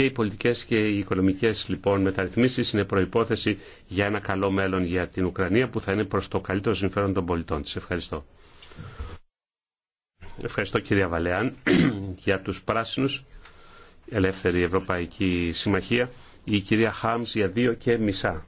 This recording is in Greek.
Και οι πολιτικές και οι οικονομικές λοιπόν μεταρρυθμίσεις είναι προϋπόθεση για ένα καλό μέλλον για την Ουκρανία που θα είναι προς το καλύτερο συμφέρον των πολιτών της. Ευχαριστώ. Ευχαριστώ κυρία Βαλεάν για τους πράσινους Ελεύθερη Ευρωπαϊκή Συμμαχία η κυρία Χάμς για δύο και μισά